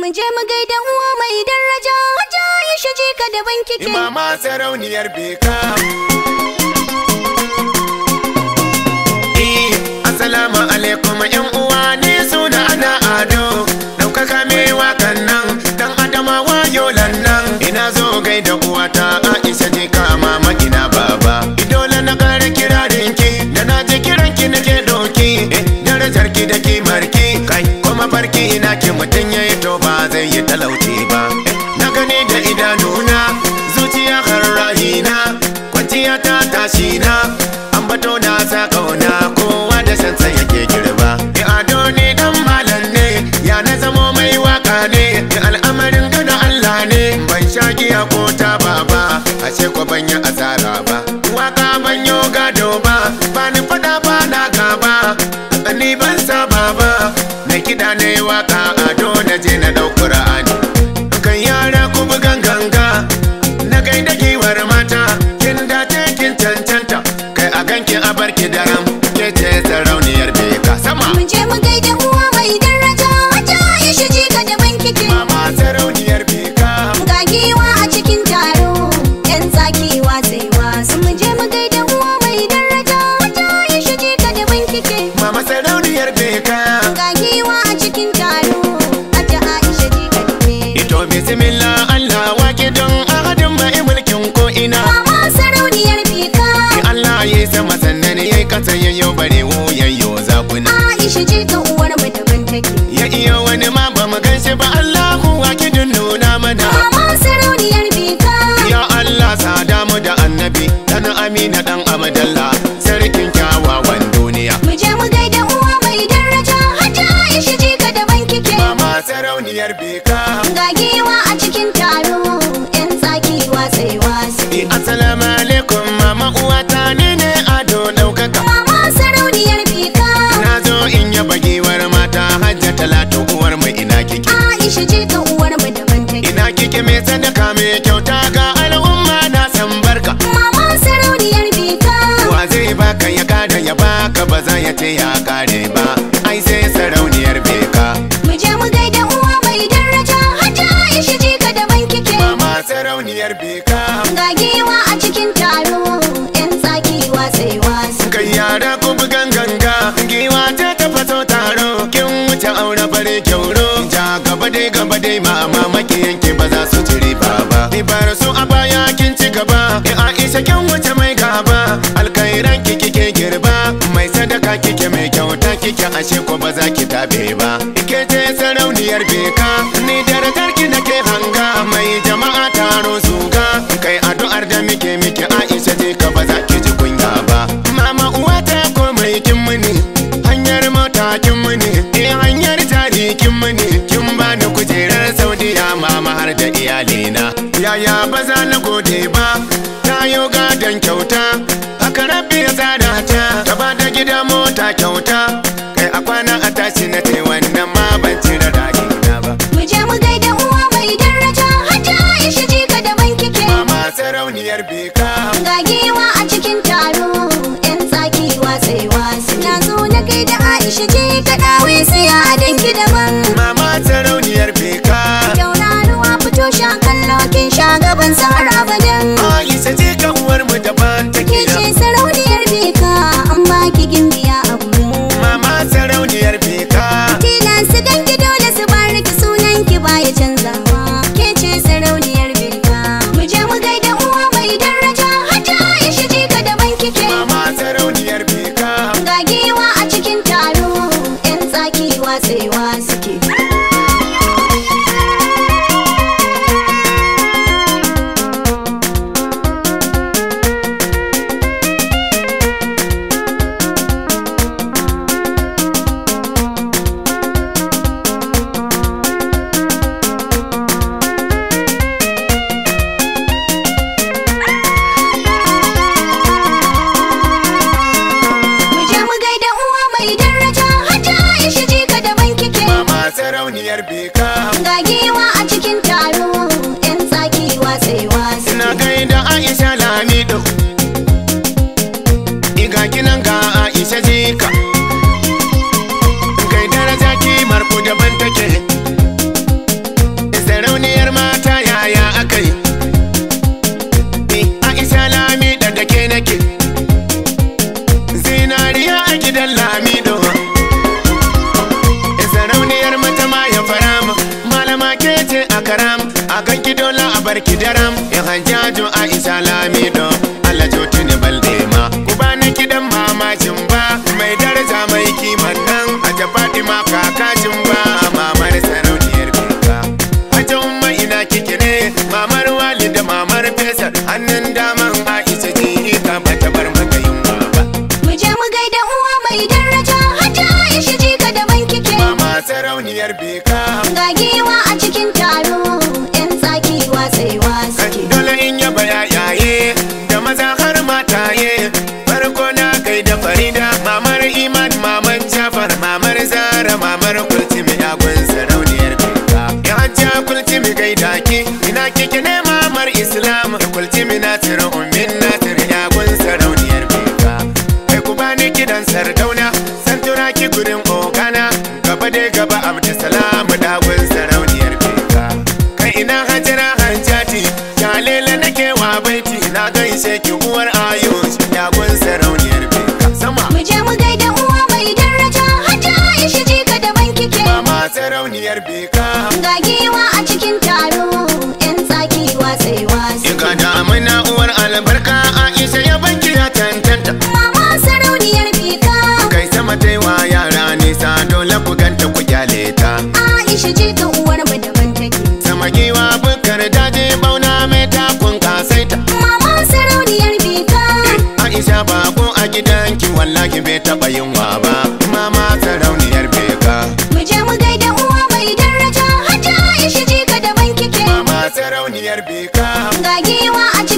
mu je mu gaida uwa mai daraja haja ya shaje ka da banki ke mama sarauniyar beka eh assalamu alaikum yan uwa ne suna ana ado daukaka mai wakan nan dan adama wayo lannan. ina zo gaida Milletimizle ka ga giwa a cikin taro yan tsaki watsai wasu assalamu alaikum mama uwa ni ne ado daukaka mama sarauniyar fika na zo in yi giwar mata hajja talatu uwar mai ina kike aisha ce ta uwar mu daban take ina kike mai sadaka mai kyauta ga al'umma na san barka mama sarauniyar fika wa zai baka ya kada ya baka ba za ya ce ya kare ba ai sai sarauniyar beka ga giwa a cikin taro yan tsaki wasai wasu kan yara ko bugan ganga giwa ta so taro kin wuce aure bare kyauro ja gaba dai gaba dai ma. amma mama yanke ba za su ci ba ba ibar su a baya kin ci gaba ya aisha kin wuce mai gaba alkairan ki kike girba mai sadaka kike mai kyauta kike ashe ko ba za ki tabe ba ike ce sarauniyar beka ni darajar dama mama har da iyalina yaya ba za na gode ba ta yi gadon kyauta aka rabbi ya tsada ta ba da gida mota kyauta kai a kwana a tashi na taiwa akan ki a barki daram in jo a isa lamido ina kike ne mamar islam kulti mina tira ummin nasir ya gun sarauniyar beka kai ku bani kidan sardauna san tura ki gurin ogana gaba dai gaba abdusalam da gun sarauniyar beka kai ina hajara hanjati ya lele nake wa baiti na gaishe ki ka ga giwa a